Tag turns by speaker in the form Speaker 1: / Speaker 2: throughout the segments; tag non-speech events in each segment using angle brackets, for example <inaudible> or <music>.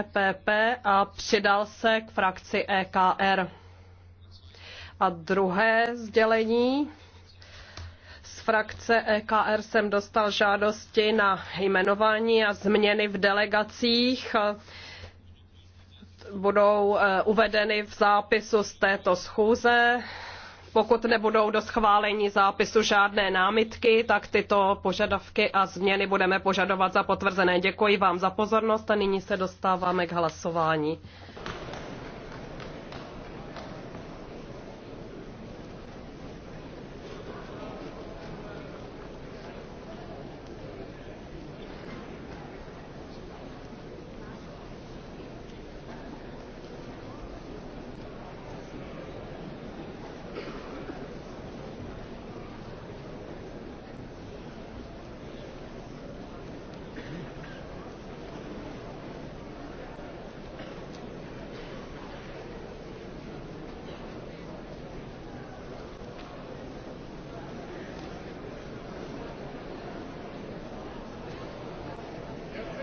Speaker 1: EPP a přidal se k frakci EKR. A druhé sdělení. Z frakce EKR jsem dostal žádosti na jmenování a změny v delegacích. Budou e, uvedeny v zápisu z této schůze. Pokud nebudou do schválení zápisu žádné námitky, tak tyto požadavky a změny budeme požadovat za potvrzené. Děkuji vám za pozornost a nyní se dostáváme k hlasování.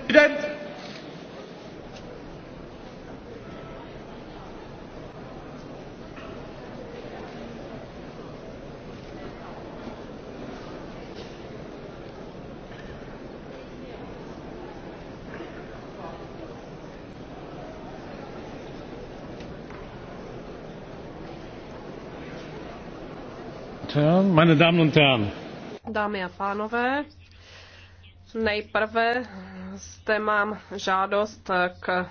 Speaker 1: Präsident! Meine Damen und Herren! Dámy a pánové, nejprve zde mám žádost k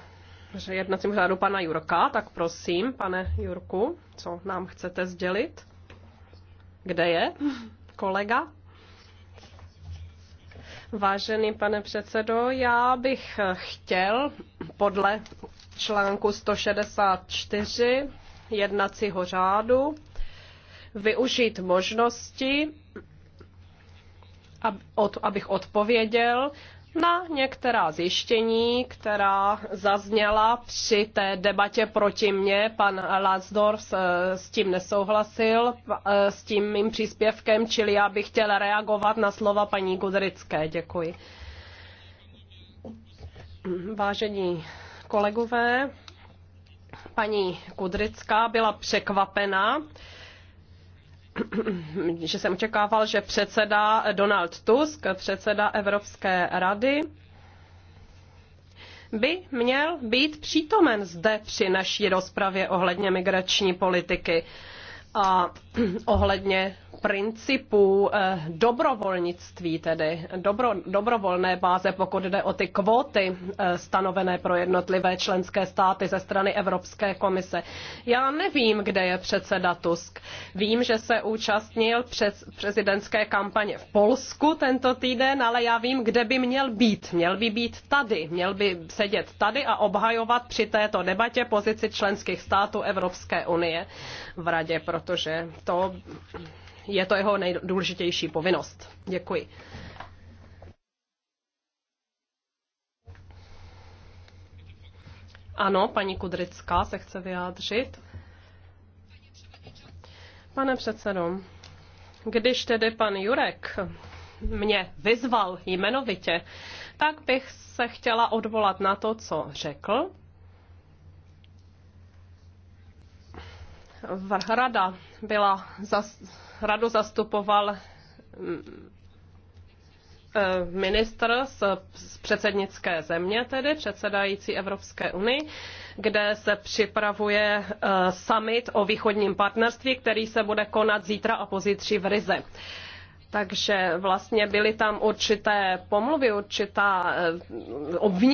Speaker 1: jednacím řádu pana Jurka, tak prosím, pane Jurku, co nám chcete sdělit? Kde je kolega? Vážený pane předsedo, já bych chtěl podle článku 164 jednacího řádu využít možnosti, abych odpověděl na některá zjištění, která zazněla při té debatě proti mně. Pan Lazdorf eh, s tím nesouhlasil, eh, s tím mým příspěvkem, čili já bych chtěla reagovat na slova paní Gudrické. Děkuji. Vážení kolegové, paní Kudrická byla překvapena, <clears throat> že jsem očekával, že předseda Donald Tusk, předseda Evropské rady, by měl být přítomen zde při naší rozpravě ohledně migrační politiky a <clears throat> ohledně principu eh, dobrovolnictví, tedy dobro, dobrovolné báze, pokud jde o ty kvóty eh, stanovené pro jednotlivé členské státy ze strany Evropské komise. Já nevím, kde je předseda Tusk. Vím, že se účastnil přes prezidentské kampaně v Polsku tento týden, ale já vím, kde by měl být. Měl by být tady, měl by sedět tady a obhajovat při této debatě pozici členských států Evropské unie v radě, protože to je to jeho nejdůležitější povinnost. Děkuji. Ano, paní Kudrická se chce vyjádřit. Pane předsedo, když tedy pan Jurek mě vyzval jmenovitě, tak bych se chtěla odvolat na to, co řekl rada byla, zas, radu zastupoval mm, e, ministr z, z předsednické země, tedy předsedající Evropské unii, kde se připravuje e, summit o východním partnerství, který se bude konat zítra a pozítří v Rize. Takže vlastně byly tam určité pomluvy, určitá e, obvinění